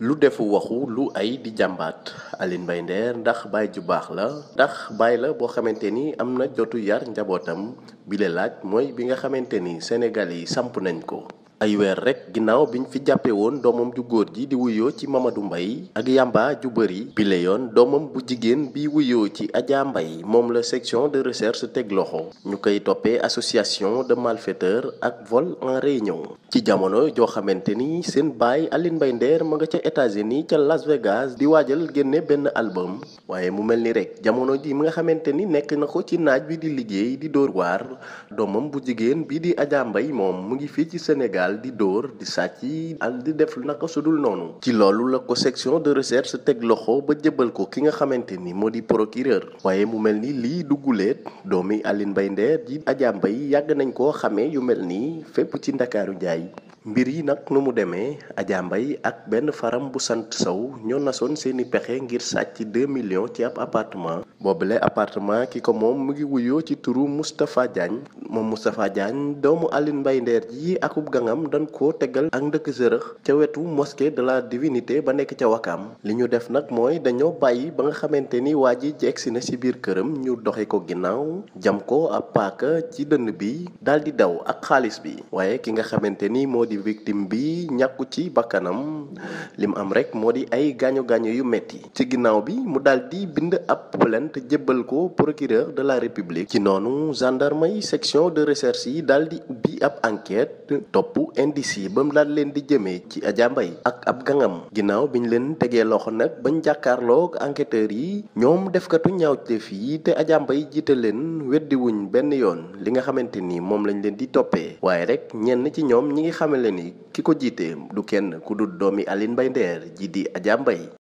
lu defu waxu lu ay di jàmbaat Alioune Mbaye Nder ndax baay ju baax la ndax baay la boo xamante ni am na jotu yar njabootam bi laaj mooy bi nga xamante ni Sénégal yi samp nañ ko ay weer rek ginnaaw bi ñu fi jàppee woon doomam ju góor ji di wuyoo ci mamadu mbay ak yamba ju bëri bi la yoon doomam bu jigéen bi wuyoo ci Adja Mbaye moom la section de recherche teg ñu koy toppee association de malfaiteurs ak vol en réunion ci jamono joo xamante ni seen baay Aline Mbaye Nder ma nga ca États-Unis ca Las di waajal génne benn album waaye mu mel ni rek jamono ji mi nga xamante ni nekk na ko ci naaj bi di liggéey di dóor waar doomam bu jigéen bi di Adja moom mu ngi fii ci Sénégal dal di dóor di sàcc al di def naka sudul noonu ci loolu la ko section de recherche teg loxo ba jëbal ko ki nga xamante ni moo di procureur waaye mu mel ni lii dugguleet doomi Aline Mbaye Nder ji Adja yàgg nañ koo xamee yu mel nii fépp ci Ndakaaru Njaay mbir yi nag nu mu demee Adja ak benn faram bu sant Sow ñoo nasoon seeni pexe ngir sàcc 2 millions ci ab appartement boobule appartement ki ko moom mu ngi wuyoo ci turu Moustapha Diagne moom Moustapha Diagne doomu alin Mbaye Nder ji akub gangam dan ko tegal ak ndëkk sërëx ca wetu mosquée de la divinité ba nekk ca Wakaam li ñu def nag mooy dañoo bàyyi ba nga xamante ni waa ji jegsi na ci biir këram ñu doxe ko ginnaaw jam ko ab paaka ci dënn bi daal di daw ak xaalis bi waaye ki nga xamante ni moo di victime bi ñàkku ci bakkanam lim am rek moo di ay gaañu gaañu yu metti ci ginnaaw bi mu daal di bind ab plainte jébbal ko procureur de la république ci noonu gendarmerie section section de recherche yi daal di ubbi ab enquete topp indice yi ba mu daal leen di jëmee ci Adja Mbaye ak ab gangam ginnaaw bi ñu leen tegee loxo nag ba ñu jàkkaarloog enquêteurs yi ñoom defkatu ñaawteef yi te Adja yi jiite leen weddi benn yoon li nga xamante ni moom lañ leen di toppee waaye rek ñenn ci ñoom ñi ngi xamale ni ki ko jiite du kenn ku du doomi Aline Mbaye Nder ji di Adja yi